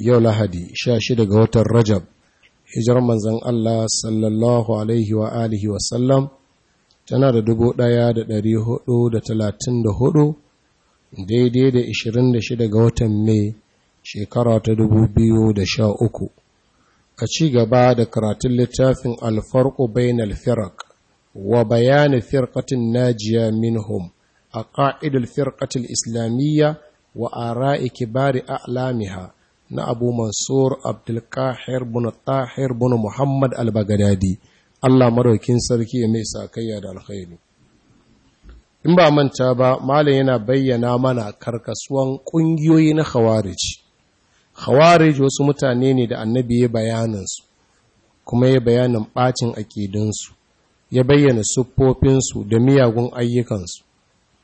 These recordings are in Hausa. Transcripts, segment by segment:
yau lahadi 16 ga watan rajab hijirar manzan Allah sallallahu alaihi wa alihi wasallam tana da talatin da hudu daidai da 26 ga watan mai shekara ta dubu biyu da uku a ci gaba da karatun littafin alfarko bayan alfirak wa bayani firkatin najiya minhum a ƙa'idar firkatin islamiyya wa a kibari a'lamiha na abu mansur abdulkahir bunu tahir bunu muhammad al-bagadadi allah maraukin sarki ya mai sakayya da alkhairu. in ba manta ba malam yana bayyana mana karkasuwan ƙungiyoyi na khawarij khawarij wasu mutane ne da annabi ya bayaninsu kuma ya bayanin ɓacin aƙidunsu, ya bayyana siffofinsu da miyagun ayyukansu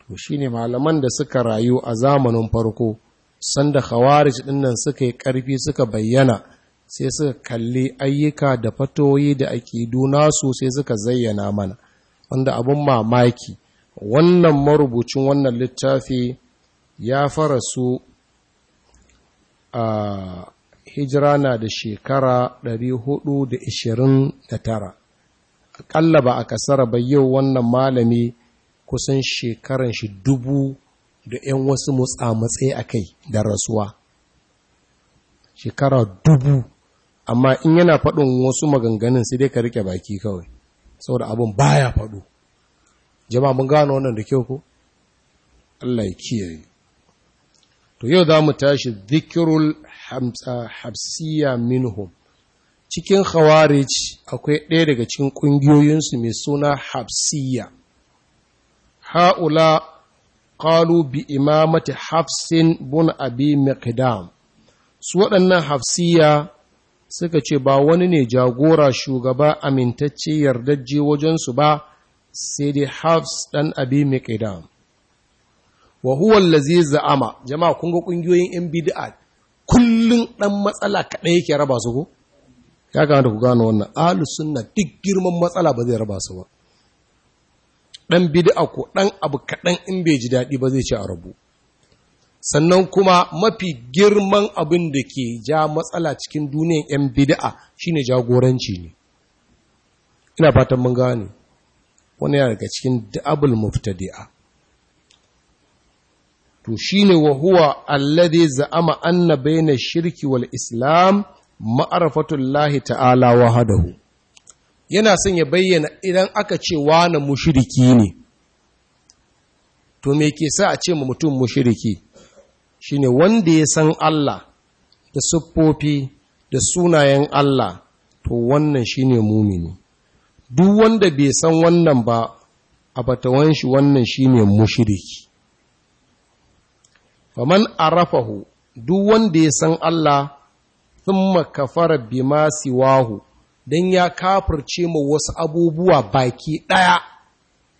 to shine malaman da suka rayu a zamanin farko sanda khawarij dinnan suka yi karfi suka bayyana sai suka kalli ayyuka da fatoyi da aƙidu nasu sai suka zayyana mana wanda abun mamaki wannan marubucin wannan littafi ya fara su a hijira na da shekara 429 akalla ba a kasara ba yau wannan malami kusan shekaran shi dubu da 'yan wasu motsa matsayi a kai da rasuwa shekara dubu amma in yana faɗin wasu maganganun sai dai ka rike baki kawai saboda abin baya faɗo Jama mun gano wannan da kyau ko Allah ya kiyaye to yau za mu tashi zikirul hamsiya ah, minhum cikin khawarij akwai ɗaya daga cikin ƙungiyoyinsu mai suna habsiya ha'ula qalu bi imamati hafsin bun abi miqdam su waɗannan hafsiya suka ce ba wani ne jagora shugaba amintacce wajen wajensu ba sai dai hafs ɗan abi miqdam wa huwa allazi za'ama jama'a kun ga kungiyoyin yan bid'a kullun dan matsala kaɗai yake raba su ko ya da ku gano wannan ahlus sunna duk girman matsala ba zai raba su ba ɗan bid'a ko ɗan abu kaɗan in bai ji daɗi ba zai ci a rabu sannan kuma mafi girman abin da ke ja matsala cikin duniyan 'yan bid'a shine jagoranci ne ina fatan mun gane wani yana daga cikin da'abul muftadi'a to shine wa huwa za'ama anna bayna shirki wal islam ma'rifatu llahi ta'ala wahdahu yana son ya bayyana idan aka ce wani mushiriki ne to me ke sa a ce ma mutum mushiriki shine wanda ya san Allah da siffofi da sunayen Allah to wannan shine mumini duk wanda bai san wannan ba a batawan shi wannan shine mushiriki faman arafahu duk wanda ya san Allah thumma kafara bima siwahu don ya kafirce ma wasu abubuwa baki ɗaya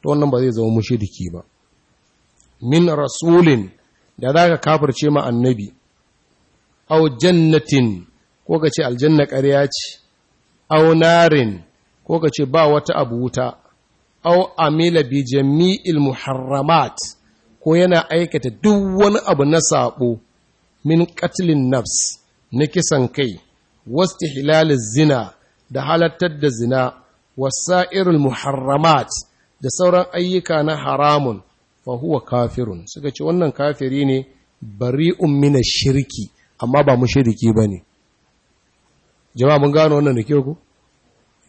ta wannan ba zai zama mushiriki ba min rasulin da za ka kafirce ma annabi au jannatin ko ka ce aljanna ƙarya ce au narin ko ka ce ba wata abu wuta au amila bi jami'il muharramat ko yana aikata duk wani abu na saɓo min katilin nafs na kisan kai wasu hilalin zina da halattar da zina wasa'irul muharramat da sauran ayyuka na haramun fahuwa kafirun suka ce wannan kafiri ne bari'un mina shirki amma ba mu ba ne. jama'a mun gano wannan da ke ku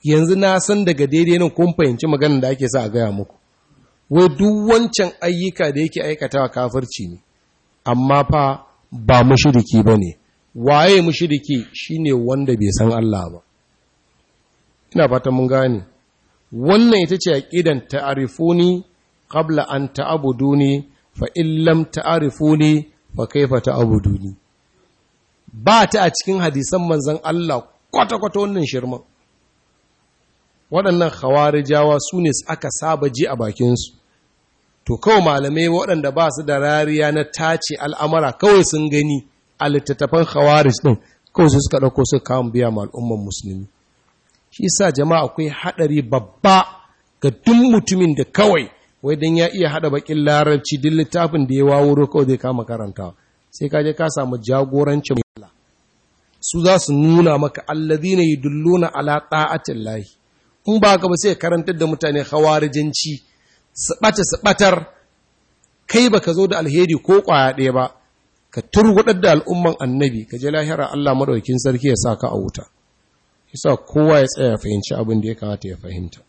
yanzu na san daga daidai nan kun fahimci maganar da ake sa a gaya muku wai duk wancan ayyuka da yake aikata aikatawa kafirci ne amma fa ba mu ba ne, waye mu shi shine wanda bai san Allah ba ina fatan mun gane wannan ita ce aqidan ta'arifuni qabla an ta'buduni fa illam ta'arifuni fa kaifa ta'buduni ba ta a cikin hadisan manzon Allah kwata-kwata wannan shirman waɗannan khawarijawa su ne aka saba ji a bakinsu to kawai malamai waɗanda ba su da rariya na tace al'amara kawai sun gani a littattafan khawarij ɗin kawai su suka ɗauko su kawo biya ma al'ummar musulmi shi sa jama'a akwai haɗari babba ga duk mutumin da kawai wai dan ya iya haɗa bakin larabci duk littafin da ya wawuro kawai zai kama karanta sai ka je ka samu jagoranci Allah su za su nuna maka allazina yudulluna ala ta'atillahi in ba ka ba sai karantar da mutane hawarijinci su ɓata su ɓatar kai baka zo da alheri ko ƙwaya ɗaya ba ka turgudar da al'umman annabi ka je lahira Allah maɗaukin sarki ya sa ka a wuta isa kowa ya tsaya fahimci abin da ya kamata ya fahimta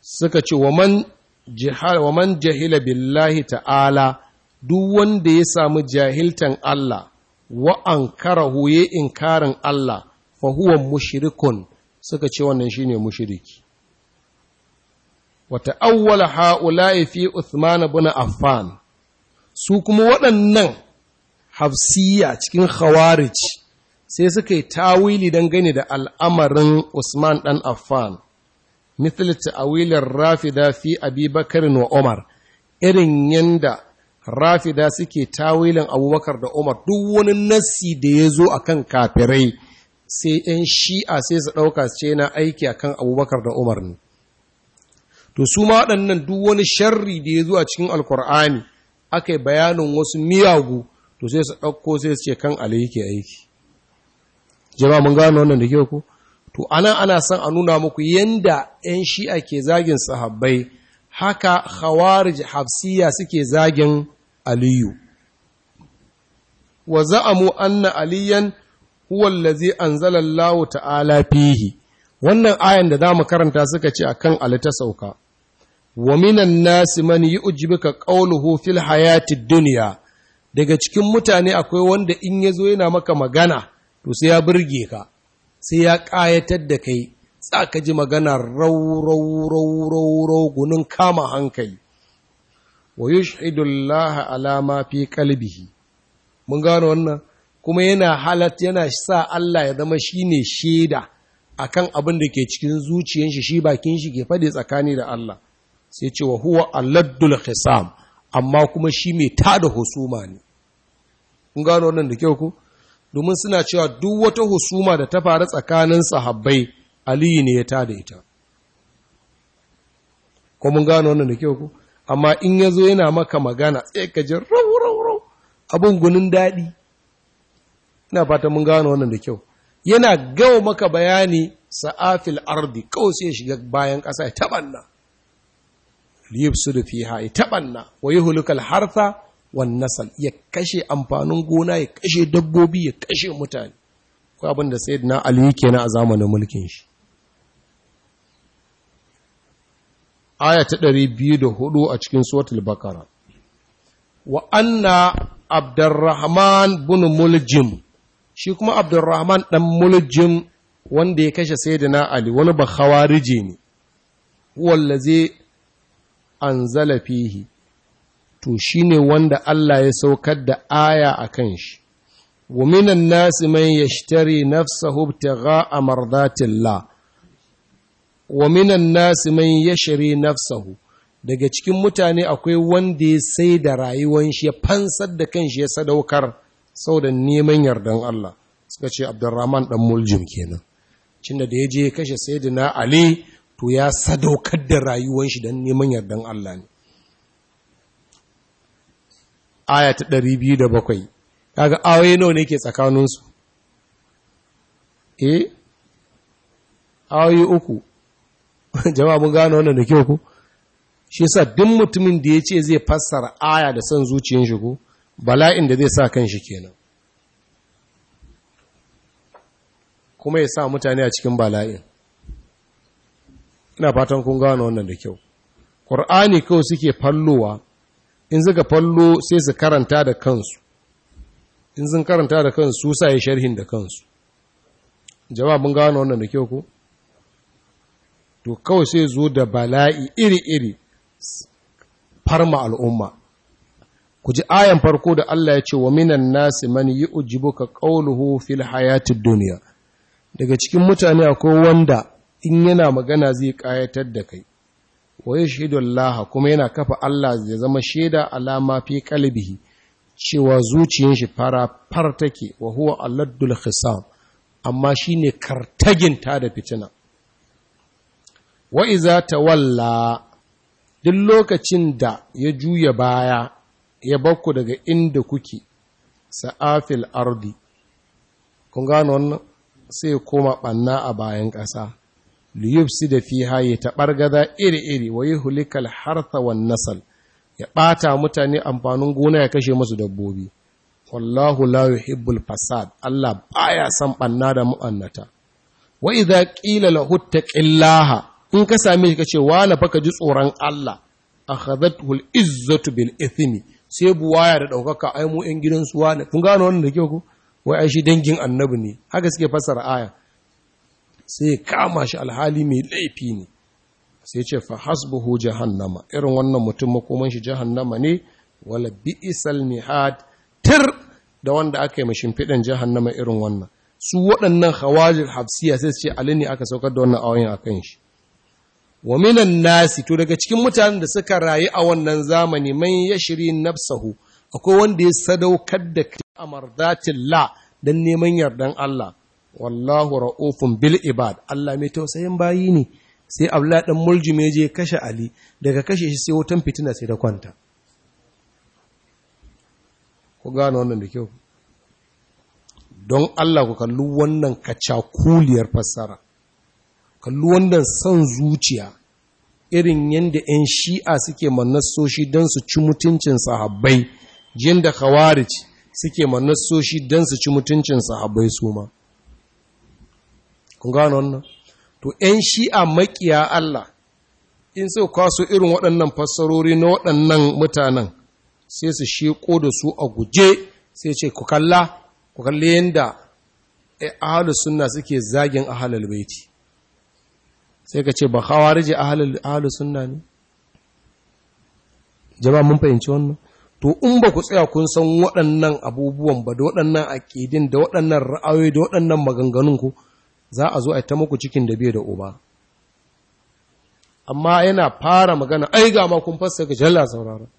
suka ce wa man jahila billahi ta'ala duk wanda ya samu jahiltan Allah wa an karahu ya inkarin Allah fa huwa mushrikun suka ce wannan shine mushiriki. Wata ta'awwala ha'ula'i fi Uthman ibn Affan su kuma waɗannan hafsiya cikin khawarij sai suka yi tawili don gani da al'amarin Usman ɗan Affan, mithil ta'awilin Rafida fi Abi wa Umar, irin yanda Rafida suke tawilin Abubakar da Umar duk wani nassi da ya zo a kan kafirai sai ‘yan shi'a sai su ɗauka ce na aiki a kan Abubakar da Umar ne. To, su ma waɗannan duk wani sharri da ya zo a cikin Alkur'ani aka yi bayanin wasu miyagu, to sai su ɗauko sai su ce kan Ali yake aiki. jama'a mun gano wannan da kyau ku. to ana ana son a nuna muku yanda 'yan shi'a ke zagin sahabbai haka khawarij hafsiya suke zagin aliyu wa za'amu anna aliyan huwa allazi anzala Allahu ta'ala fihi wannan ayan da zamu karanta suka ce akan ali ta sauka wa minan nasi man yu'jibuka qawluhu fil hayatid dunya daga cikin mutane akwai wanda in yazo yana maka magana to sai ya burge ka sai ya ƙayatar da kai za ka ji magana rau rau gunin kama hankali wa yushhidullaha ala alama fi kalbihi. mun gano wannan kuma yana halat yana sa Allah ya zama shine shaida akan abin da ke cikin zuciyar shi shi bakin shi ke fade tsakani da Allah sai ce wa huwa alladul khisam amma kuma shi mai tada husuma ne kun gano wannan da kyau ku domin suna cewa duk wata husuma da ta faru tsakanin sahabbai aliyu ne ya tada ita ko mun gano wannan da kyau ku amma in ya zo yana maka magana sai ka ji rau rau abin gunin daɗi ina fata mun gano wannan da kyau yana gawo maka bayani sa'afil ardi kawai sai shiga bayan ƙasa ya taɓanna su da fiha ya taɓanna wa yi hulukal harta? wannasal ya kashe amfanin gona ya kashe dabbobi ya kashe mutane ko abin da sayyidina ali na a zamanin mulkin shi aya ta hudu a cikin suratul bakara wa anna abdurrahman bin muljim shi kuma abdurrahman dan muljim wanda ya kashe na ali wani ba khawarije ne huwallazi anzala fihi to shi ne wanda Allah ya saukar da aya a kan shi wa minan nasi man yashtari nafsahu ibtigha'a mardatillah wa minan nasi man yashri nafsahu daga cikin mutane akwai wanda ya sai da rayuwan shi ya fansar da kan shi ya sadaukar Sau da neman yardan Allah suka ce Abdurrahman ɗan Muljim kenan cinda da ya je kashe saidina Ali to ya sadaukar da rayuwan shi dan neman yardan Allah ne aya ta 207 kaga awaye nawa ne ke tsakaninsu eh awaye uku jama'a mun gano wannan da kyau ku shi yasa duk mutumin da ya ce zai fassara aya da san zuciyar shi ko bala'in da zai sa kan shi kenan kuma ya sa mutane a cikin bala'in ina fatan kun gano wannan da kyau ƙur'ani kawai suke fallowa in suka fallo sai su karanta da kansu in sun karanta da kansu sa ya sharhin da kansu jawabin mun gano wannan da kyau ko to kawai sai zo da bala'i iri-iri farma al'umma ku ji ayan farko da Allah ya ce wa minan nasi man yu'jibuka qawluhu fil hayati dunya daga cikin mutane akwai wanda in yana magana zai kayatar da kai wa yashhadu Allah kuma yana kafa Allah ya zama shaida alama fi kalbihi cewa zuciyar shi fara far take wa huwa alladul khisam amma shine kartagin ta da fitina wa iza tawalla duk lokacin da ya juya baya ya bakku daga inda kuke sa'afil ardi kun gano wannan sai koma banna a bayan ƙasa liyubsi da fiha ya taɓargaza iri-iri wa yi hulikal hartha nasal ya ɓata mutane amfanin gona ya kashe masu dabbobi wallahu la yuhibbul fasad Allah baya son ɓanna da mu'annata wa idza qila lahu taqillaha in ka same shi kace wala fa ka ji tsoron Allah akhadathu al izzatu bil ithmi sai buwaya da daukaka ai mu yan gidan suwa kun gano wannan da kyau ko wai ai shi dangin annabi ne haka suke fassara aya sai ya kama shi alhali mai laifi ne sai ce fa hasbuhu jahannama irin wannan mutum makoman shi jahannama ne wala bi'sal mihad tir da wanda aka yi mashin fidan jahannama irin wannan su waɗannan hawajir hafsiya sai su ce alini aka saukar da wannan awayin akan shi wa minan nasi to daga cikin mutanen da suka rayu a wannan zamani mai man yashri nafsahu akwai wanda ya sadaukar da amardatin la dan neman yardan Allah wallahu ra'ufun bil ibad Allah mai tausayin bayi ne sai abla dan muljume je kashe ali daga kashe shi sai wutan fitina sai da kwanta ku gane wannan da kyau don Allah ku kalli wannan kacakuliyar fassara kalli wannan son zuciya irin yadda 'yan shi'a suke manassoshi don su ci mutuncin sahabbai jin da khawarij suke manassoshi don su ci mutuncin sahabbai su ma gano wannan to ‘yan shi'a maƙiya Allah in sai kwaso irin waɗannan fassarori na waɗannan mutanen sai su sheƙo da su a guje sai ce ku kalla ku kalli yadda eh, ahalu suna suke zagin ahalar baiti sai ka ce ba je ahalu suna ne jama'a mun fahimci wannan to in ba ku tsaya kun san waɗannan abubuwan ba da waɗannan aƙidin da waɗannan ra'ayoyi da waɗannan maganganun ku za a zo a ta muku cikin da bai da uba amma yana fara magana ai ga ma kun fassara jalla sauraron.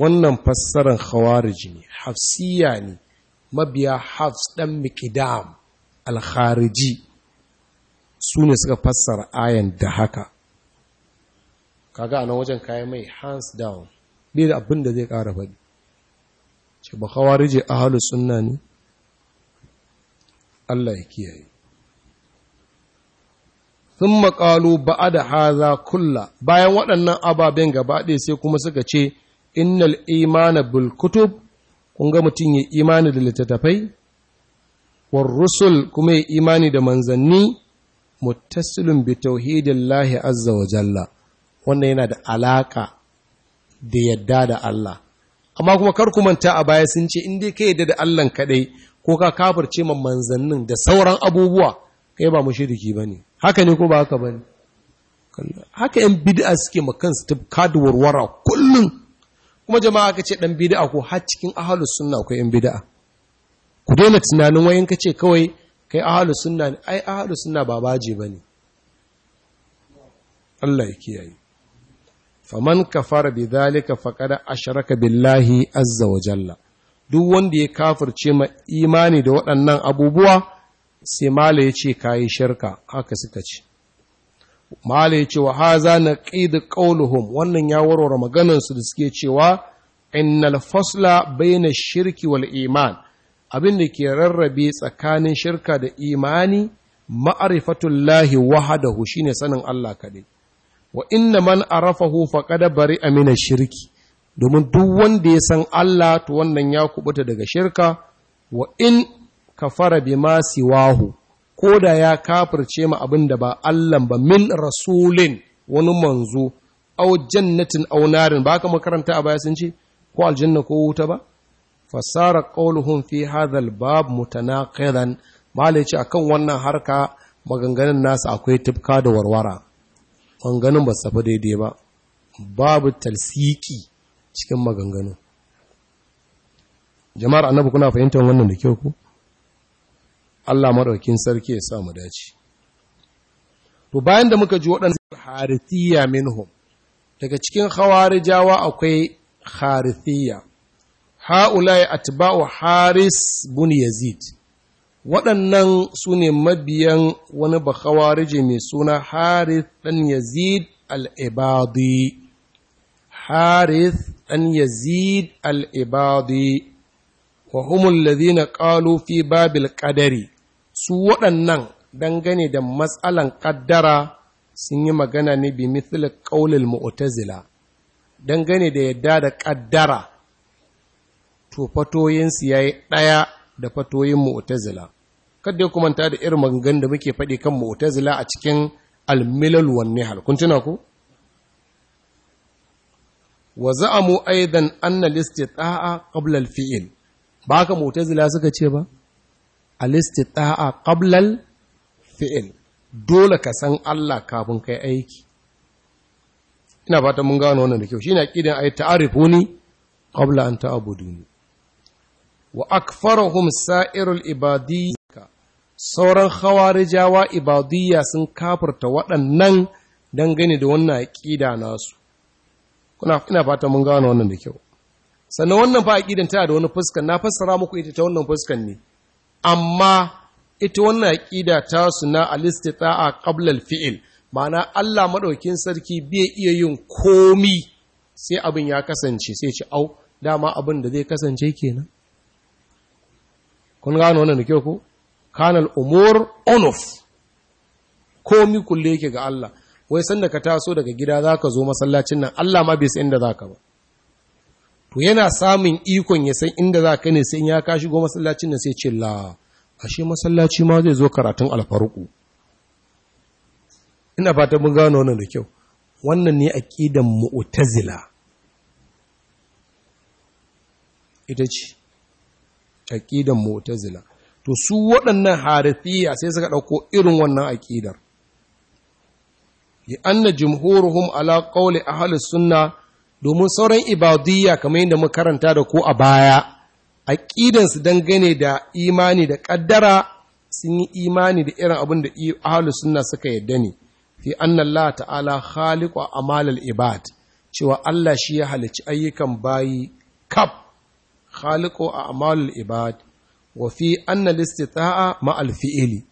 wannan fassaran khawariji ne hafsiya ne mabiya hafs dan miqdam al-khariji su ne suka fassara ayan da haka kaga a nan wajen kayan mai hands down bai da abin da zai kara faɗi ce ba khawariji ahlus sunna ne Allah ya kiyaye sun maƙalu ba'a da haza kulla bayan waɗannan ababen gaba ɗaya sai kuma suka ce innal imana bil kutub kun mutum ya imani da littattafai war rusul kuma ya imani da manzanni muttasilun bi tauhidillahi azza wa jalla wannan yana da alaka da yadda da Allah amma kuma kar ku manta a baya sun ce in dai ka yadda da Allah kaɗai. ko ka kafirce ma manzannin da sauran abubuwa kai ba mushriki bane haka ne ko ba haka bane haka yan bid'a suke ma kansu ta da warwara kullum kuma jama'a ka ce dan bid'a ko har cikin ahlus sunna akwai yan bid'a ku daina tunanin wayan ka ce kawai kai ahlus sunna ne ai ahlus sunna ba baje bane Allah ya kiyaye faman kafara bi dhalika faqad ashraka billahi azza wa jalla duk wanda ya kafirce ma imani da waɗannan abubuwa sai mala ya ce yi shirka haka suka ce mala ya ce wa haza na da qauluhum wannan ya warware maganarsu da suke cewa innal fasla baina shirki wal iman abin da ke rarrabe tsakanin shirka da imani hu wahadahu shine sanin Allah kaɗai. wa inna man arafahu faqad bari'a min shirki domin duk wanda ya san Allah to wannan ya kubuta daga shirka wa in kafara bima siwahu ko da ya kafirce ma abin da ba Allah ba min rasulin wani manzo aw jannatin aw narin ba ka makaranta a baya sun ce ko aljanna ko wuta ba fasara qawluhum fi hadha albab mutanaqidan malai ce akan wannan harka maganganun nasu akwai tufka da warwara maganganun ba su daidai ba babu talsiki cikin maganganu jama'ar annabi kuna fahimtar wannan da kyau ku Allah maɗaukin sarki ya sa mu dace to bayan da muka ji waɗannan harithiya minhum daga cikin khawarijawa akwai harithiya ha'ulai atba'u haris bin yazid waɗannan sune mabiyan wani bakhawarije mai suna Haris, ɗan yazid al'ibadi harith an yazid al-ibadi wa humul ladhina qalu fi babil su waɗannan dangane da matsalan ƙaddara sun yi magana ne bi mithla qaulil mu'tazila dangane da yadda da ƙaddara to fatoyinsu ya yi ɗaya da fatoyin mu'tazila kada ya kumanta da irin maganganun da muke faɗi kan mu'tazila a cikin almilal wan nihal ku wa za'amu aidan anna listita'a qabla al-fi'l ba ka mu'tazila suka ce ba al-istita'a qabla al-fi'l dole ka san Allah kafin kai aiki ina fata mun gano wannan da kyau shine aqidan ay ta'rifuni qabla an ta'buduni wa akfarahum sa'irul ibadiyya sauran khawarijawa ibadiyya sun kafirta waɗannan dangane da wannan aqida nasu kuna ina fata mun gano wannan da kyau sannan wannan fa aqidan tana da wani fuskan na fassara muku ita ta wannan fuskan ne amma ita wannan aqida ta suna al-istita'a qabla al-fi'l ma'ana Allah madaukin sarki bai iya yin komi sai abin ya kasance sai ci au dama abin da zai kasance kenan kun gano wannan da kyau ko kanal umur unuf komi kulle yake ga Allah wai sanda ka taso daga gida za ka zo masallacin nan Allah ma bai san inda za ka ba to yana samun ikon ya san inda za ka ne sai ya ka shigo masallacin nan sai ce la ashe masallaci ma zai zo karatun alfaruku. ina fatan mun gano wannan da kyau wannan ne aqidan mu'tazila ita ce aqidan mu'tazila to su waɗannan harafiya sai suka ɗauko irin wannan aƙidar bi anna jumhuruhum ala qawli ahli sunna domin sauran ibadiyya kamar yadda muka karanta da ku a baya su dangane da imani da kaddara sun yi imani da irin abin da ahli sunna suka yadda ne fi anna Allah ta'ala khaliqu amalal ibad cewa Allah shi ya halici ayyukan bayi kaf khaliqu amalal ibad wa fi anna al-istita'a ma al-fi'li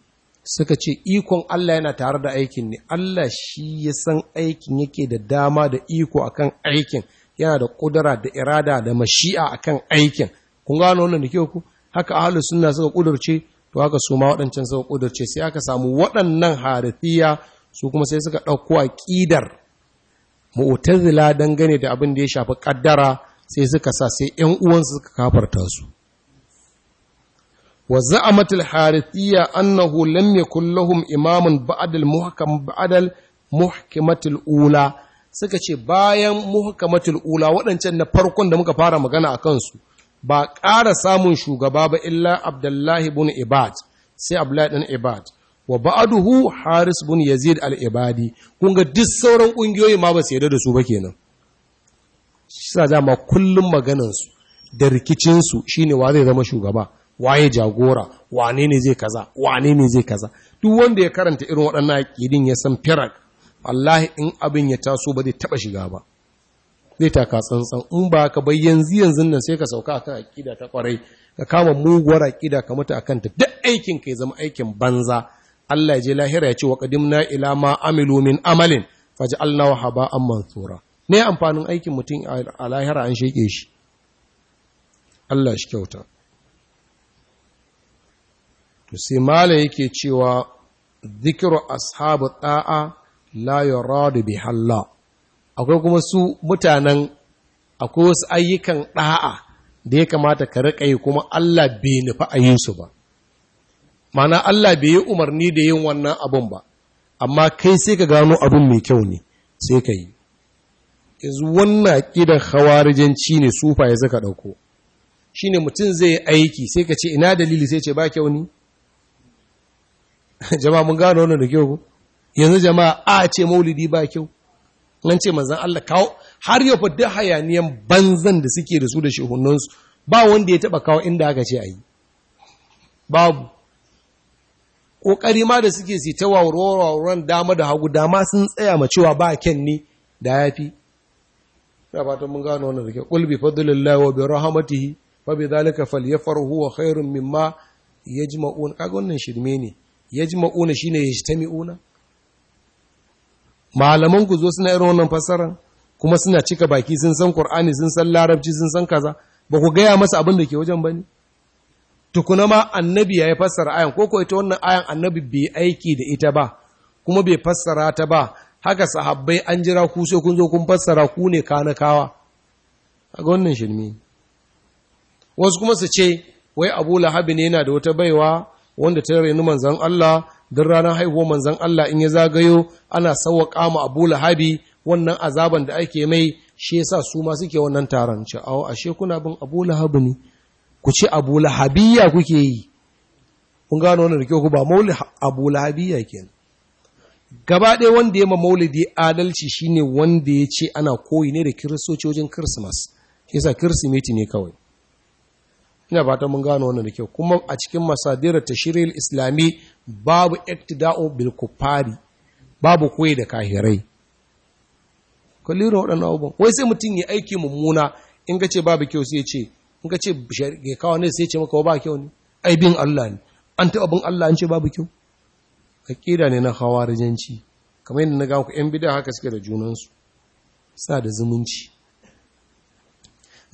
suka ce ikon Allah yana tare da aikin ne Allah shi ya san aikin yake da dama da iko akan aikin yana da kudura da irada da mashi'a akan aikin kun gano wannan da ku haka ahlus sunna suka kudurce to haka su ma waɗancan suka kudurce sai aka samu waɗannan harafiya su kuma sai suka ɗauko aqidar mu'tazila dangane da abin da ya shafi kaddara sai suka sa sai ƴan uwansu suka kafarta su wa za'amat al-harithiyya annahu lam yakul lahum imamun ba'd al-muhkam ula suka ce bayan muhkamat ula waɗancan na farkon da muka fara magana a kansu ba ƙara samun shugaba ba illa abdullahi bun ibad sai abdullahi dan ibad wa ba'aduhu haris bin yazid al-ibadi kun ga duk sauran ƙungiyoyi ma ba su yarda da su ba kenan shi sa dama kullum maganansu da rikicinsu shine wa zai zama shugaba waye jagora wane ne zai kaza wane ne zai kaza duk wanda ya karanta irin waɗannan aƙidin ya san firak wallahi in abin ya taso ba zai taɓa shiga ba zai taka tsantsan in ba ka bai yanzu yanzu nan sai ka sauka akan aƙida ta kwarai ka kama muguwar aƙida ka mutu akan ta duk aikin ka ya zama aikin banza Allah ya je lahira ya ce wa qadimna ila ma amilu min amalin faj'alnahu haba'an mansura ne amfanin aikin mutum a lahira an sheke shi Allah shi kyauta to sai yake cewa zikiru ashabu da'a la yuradu bi halla akwai kuma su mutanen akwai wasu ayyukan da'a da ya kamata ka rika yi kuma Allah bai nufi a ba mana Allah bai yi umarni da yin wannan abun ba amma kai sai ka gano abun mai kyau ne sai ka yi yanzu wannan kidan hawarijanci ne sufa ya ɗauko shine shine mutum zai yi aiki sai ka ce ina dalili sai ce ba kyau ne jama'a mun gano wannan da kyau yanzu jama'a a ce maulidi ba kyau an ce manzon Allah kawo har yau fa hayaniyan banzan da suke da su da su ba wanda ya taba kawo inda aka ce ayi babu kokari ma da suke su ta wawarwaran dama da hagu dama sun tsaya ma cewa ba ken ne da yafi ba fatan mun gano wannan da kyau qul bi fadlillahi wa bi rahmatihi fa bi dhalika falyafrahu wa khairun mimma yajma'un kaga wannan shirme ne Ya ji ma'una shi ne yajma'una shine yajtami'una malaman ku zo suna irin wannan fasaran kuma suna cika baki sun san Qur'ani sun san Larabci sun san kaza ba ku gaya masa abin da ke wajen bane tukuna ma annabi ya fassara ayan ko ko ita wannan ayan annabi bai aiki da ita ba kuma bai fassara ta ba haka sahabbai an jira ku sai kun zo kun fassara ku ne kanakawa kaga wannan shirmi wasu kuma su ce wai Abu Lahab ne yana da wata baiwa wanda ta reni manzan Allah don ranar haihuwa manzan Allah in ya zagayo ana sauwa kama Abu Lahabi wannan azaban da ake mai shi sa su ma suke wannan taron ce awo ashe kuna bin Abu ne ku ce Abu ya kuke yi kun gano wannan rike ku ba mauli Abu ke kenan gaba ɗaya wanda ya ma maulidi adalci shine wanda ya ce ana koyi ne da kiristocin Christmas yasa kirsimeti ne kawai ina ta mun gano wannan da kyau kuma a cikin masadirar tashiril islami babu iktida'u bil kufari babu koyi da kahirai kallirin waɗannan abubuwan wai sai mutum ya aiki mummuna in ga ce babu kyau sai ce in ga ce ga kawo ne sai ce maka ba kyau ne ai bin Allah ne an taɓa bin Allah an ce babu kyau aƙida ne na hawarijanci kamar yadda na ga ku yan bidan haka suke da junansu sa da zumunci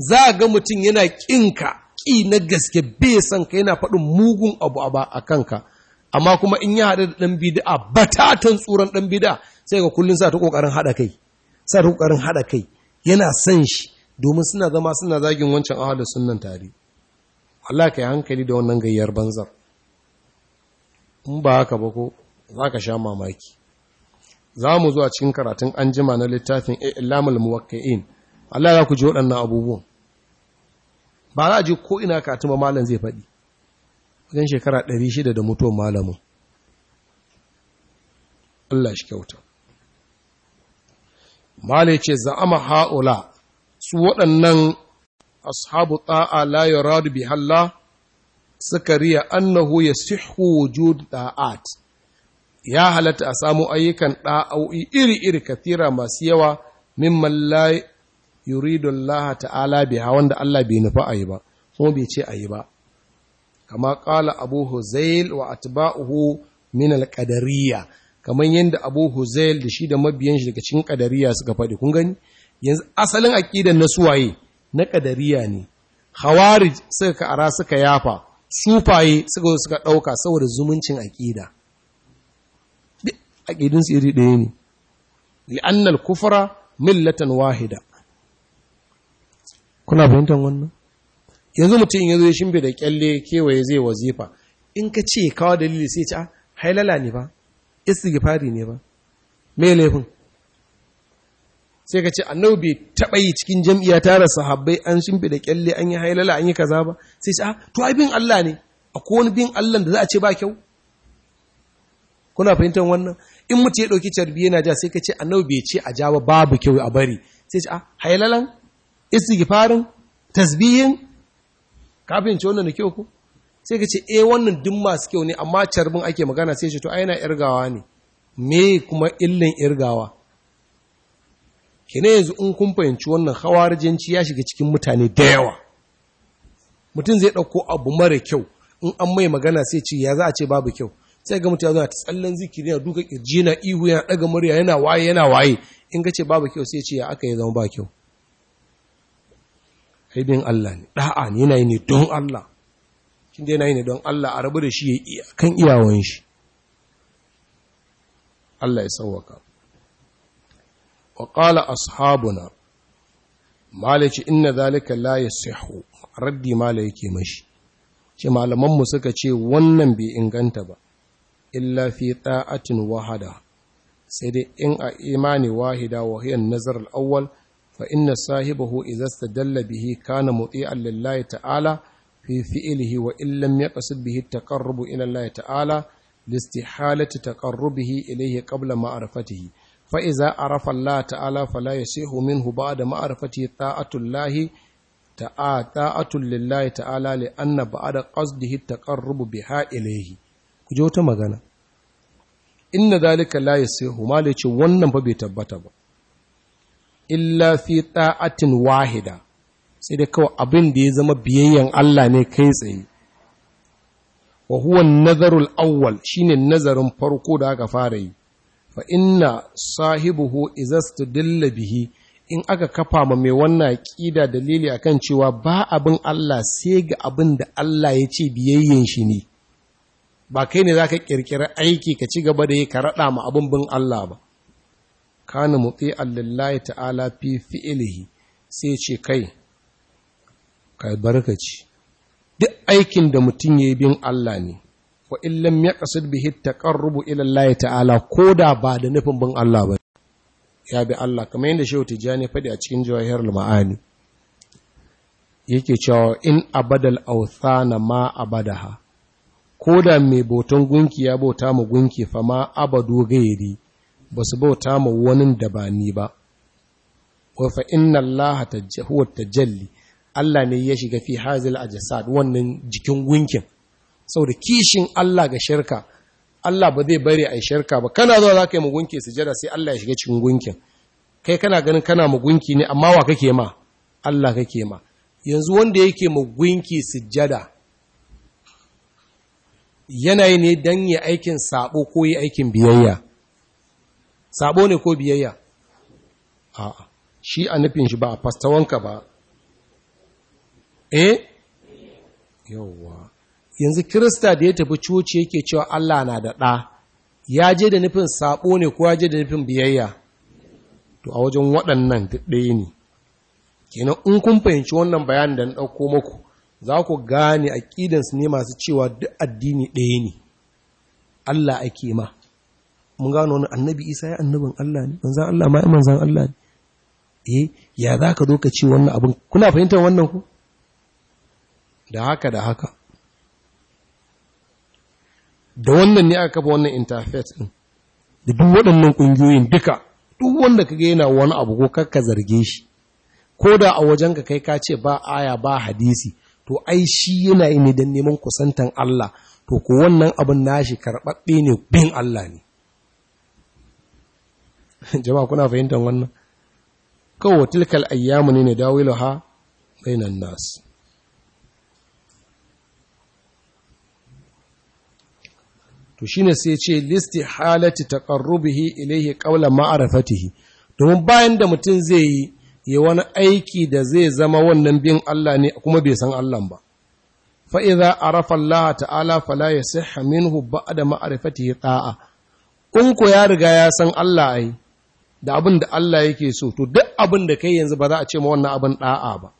za a ga mutum yana ƙinka ƙi na gaske bai son ka yana faɗin mugun abu a kanka amma kuma in ya haɗu da ɗan bida batatan tsoron ɗan bida sai ga kullum sa ta ƙoƙarin haɗa kai sa ta ƙoƙarin haɗa kai yana san shi domin suna zama suna zagin wancan awa da sunan tare Allah ka yi hankali da wannan gayyar banzar in ba haka ba ko za ka sha mamaki za mu zuwa cikin karatun anjima na littafin ilamul muwakka'in Allah ya ku ji waɗannan abubuwan ba za a ji ko ina katin ba malam zai faɗi wajen shekara 600 da mutuwan malamin Allah shi kyauta malai ce za'ama ha'ula su waɗannan ashabu ta'a la yuradu bi halla suka riya annahu yasihu wujud da'at ya halatta a samu ayyukan ɗa'au'i iri-iri katira masu yawa mimman yuridullah ta'ala biha wanda Allah bai nufa a yi ba kuma bai ce a yi ba kama ƙala abu huzail wa atba'uhu min ƙadariya. kamar yadda abu huzail da shi da mabiyan shi daga cikin ƙadariya suka faɗi kun gani yanzu asalin aƙidan na suwaye na ƙadariya ne khawarij suka kara suka yafa sufaye suka suka ɗauka saboda zumuncin aƙida duk aƙidinsu iri ɗaya ne al kufra millatan wahida kuna fahimtar wannan yanzu mutum in yazo ya shimbe da kyalle kewaye zai wazifa in ka ce kawo dalili sai ce a ah, hailala ne ba istighfari ne ba me laifin sai ka ce annabi bai taɓa yi cikin jam'iyya tara sahabbai an shimfi da kyalle an yi hailala an yi kaza ba sai ce a ah, to ai bin Allah ne akwai wani bin Allah da za a ce ba kyau kuna fahimtar wannan in mutum ya ɗauki carbi yana ja sai ka ce annabi bai ce a ja ba babu kyau a bari sai ce a ah, hailalan istighfarin tasbihin kafin ce wannan da kyau ku sai ka ce eh wannan duk masu kyau ne amma carbin ake magana sai ce to ai na irgawa ne me kuma illin irgawa kene yanzu in kun fahimci wannan hawarjinci ya shiga cikin mutane da yawa mutum zai ɗauko abu mara kyau in an mai magana sai ce ya za a ce babu kyau sai ga mutum ya zana tsallan zikiri yana duka kirji na ihu yana daga murya yana waye yana waye in ka ce babu kyau sai ce ya aka yi zama ba kyau aibin Allah ne da'a ne yanayi ne don Allah kin dai yanayi ne don Allah a rabu da shi ya iya kan iyawon shi Allah ya sauwaka wa qala ashabuna malaci inna zalika la yasihu raddi mala yake mashi ce malamanmu suka ce wannan bai inganta ba illa fi ta'atin wahada sai dai in a imani wahida wa nazar al'awwal. awwal fa inna sahibahu idza istadalla bihi kana muti'an lillahi ta'ala fi fi'lihi wa in lam yaqsid bihi at-taqarrub ila Allah ta'ala a taqarrubihi ilayhi qabla ma'rifatihi fa idza arafa Allah ta'ala fala yasihu minhu ba'da ma'rifatihi ta'atullahi ta'atun lillahi ta'ala li anna ba'ada qasdihi taqarrubu biha ilayhi kuje wata magana inna zalika la yasihu ce wannan fa bai tabbata ba illa fi ta'atin wahida sai da kawai abin da ya zama biyayyen Allah ne kai tsaye wa huwa nazarul awwal shine nazarin farko da aka fara yi fa inna sahibuhu izastadilla bihi in aka kafa ma mai wannan aqida dalili akan cewa ba abin Allah sai ga abin da Allah ya ce biyayyen shi ne ba kai ne zaka kirkira aiki ka ci gaba da yi ka rada ma abin bin Allah ba kana mutsi allallahi ta'ala fi fi'ilihi sai ce kai kai barkaci duk aikin da mutum yayi bin Allah ne wa illam yaqsid bihi taqarrubu ila Allah ta'ala ko da ba da nufin bin Allah ba ya bi Allah kamar yadda Shehu Tijani fadi a cikin Jawahirul Ma'ani yake cewa in abadal na ma ko da mai boton gunki ya bauta mu gunki fa ma abadu gairi ba su bauta ma wani da ba ni ba wa fa inna Allah huwa tajalli Allah ne ya shiga fi hazil ajsad wannan jikin gunkin saboda kishin Allah ga shirka Allah ba zai bari a shirka ba kana zuwa zaka yi mu gunki sujada sai Allah ya shiga cikin gunkin kai kana ganin kana mu gunki ne amma wa kake ma Allah kake ma yanzu wanda yake mu gunki sujada yanayi ne dan yi aikin sabo ko yi aikin biyayya sabo ne ko biyayya a'a shi a nufin shi ba a fastawanka ba eh yawwa yanzu kirista da ya tafi coci yake cewa Allah na da ɗa ya je da nufin sabo ne ko ya je da nufin biyayya to a wajen waɗannan ɗaya ne kenan in kun fahimci wannan bayanin da na ɗauko maku za ku gane aƙidansu ne masu cewa duk addini ɗaya ne Allah ake ma mun gano wani annabi isa ya annabin Allah ne manzan Allah ma manzan Allah ne eh ya za ka ci wannan abin kuna fahimtar wannan ku da haka da haka da wannan ne aka kafa wannan interface din da duk waɗannan ƙungiyoyin duka duk wanda kaga yana wani abu ko kakka zarge shi ko da a wajen ka kai ka ce ba aya ba hadisi to ai shi yana yi ne don neman kusantan Allah to ko wannan abin nashi karɓaɓɓe ne bin Allah ne jama'a kuna fahimtar wannan kawo tilkal ayyamu ne ne dawilu ha bainan nas to shine sai ce listi halati taqarrubihi ilayhi qawla ma'rifatihi domin bayan da mutum zai yi ya wani aiki da zai zama wannan bin Allah ne kuma bai san Allah ba fa a arafa Allah ta'ala fala yasihha minhu ba'da ma'rifatihi ta'a kun ko ya riga ya san Allah ai da abin da Allah yake so to duk abin da kai yanzu ba za a ce ma wannan abin da'a ba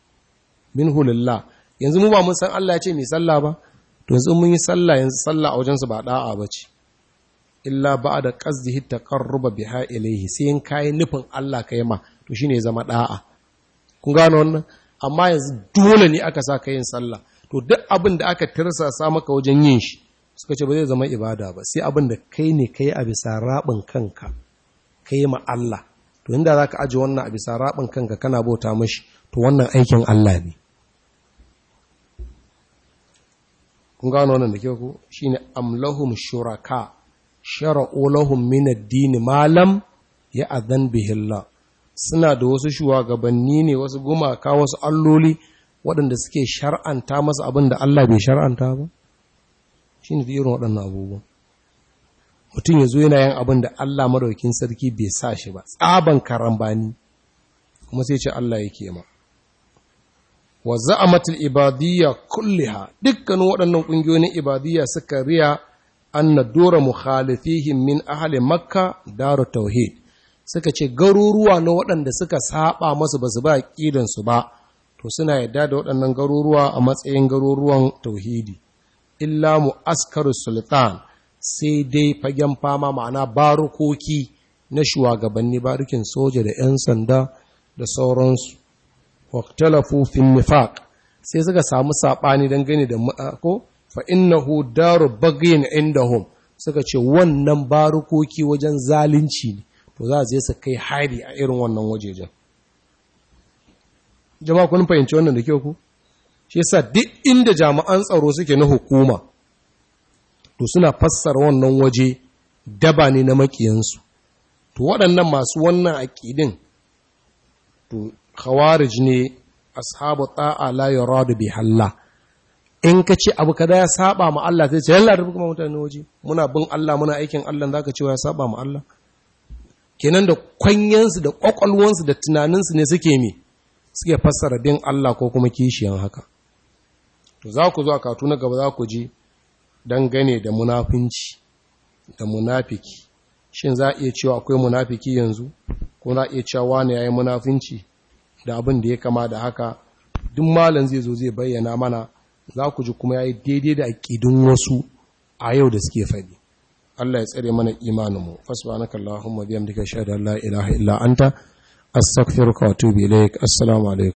min hulillah yanzu mu ba mun san Allah ya ce mai sallah ba to yanzu mun yi sallah yanzu sallah a wajensu ba da'a ba ce illa ba'da qasdihi taqarruba biha ilayhi sai in kai nufin Allah kai ma to shine zama da'a kun gano wannan amma yanzu dole ne aka sa yin sallah to duk abin da aka tirsasa maka wajen yin shi suka ce ba zai zama ibada ba sai abin da kai ne kai a bisa rabin kanka ka yi ma Allah to inda za ka aji wannan abisa raɓin kanka kana bauta mashi to wannan aikin Allah ne kun gano wannan da ke ku shi ne amlahum shuraka shara'u lahum Dini malam ya azan bihilla suna da wasu shugabanni ne wasu gumaka wasu alloli waɗanda suke shar'anta masu abin da Allah bai shar'anta ba shine irin waɗannan abubuwan mutum ya zo yana yin abin da Allah maraukin sarki bai sa shi ba tsaban karambani kuma sai ce Allah yake ma wa za'amatul ibadiyya kulliha dukkanin waɗannan ƙungiyoyin ibadiyya suka riya an na dora mukhalifihim min ahali makka daru tauhid suka ce garuruwa na waɗanda suka saba masu basu ba su ba to suna yadda da waɗannan garuruwa a matsayin garuruwan tauhidi illa mu mu'askaru sultan sai dai fagen fama ma'ana barukoki na shugabanni barukin soja da 'yan sanda da sauransu waktalafu fin sai suka samu saɓani dangane da ko fa hu daru inda indahum suka ce wannan barukoki wajen zalunci ne to za a zai su kai hari a irin wannan wajejen jama'a kun fahimci wannan da kyau ku shi sa duk inda jami'an tsaro suke na hukuma to suna fassara wannan waje daba ne na makiyansu to waɗannan masu wannan aƙidin to khawarij ne ashabu ta'a la yuradu bi halla in ka ce abu kada ya saba ma Allah sai ce yalla da kuma mutane waje muna bin Allah muna aikin Allah zaka cewa ya saba ma Allah kenan da kwanyensu da kwakwalwansu da tunaninsu ne suke mi suke fassara bin Allah ko kuma kishiyan haka to za ku zo a katu na gaba za ku ji dangane da munafinci da munafiki shin za a iya cewa akwai munafiki yanzu ko za a iya cewa wani yayi munafinci da abin da ya kama da haka duk malam zai zo zai bayyana mana za ku ji kuma ya yi daidai da aƙidun wasu a yau da suke faɗi Allah ya tsare mana imaninmu fasbanaka Allahumma bihamdika shahada la ilaha illa anta astaghfiruka wa atubu ilaik assalamu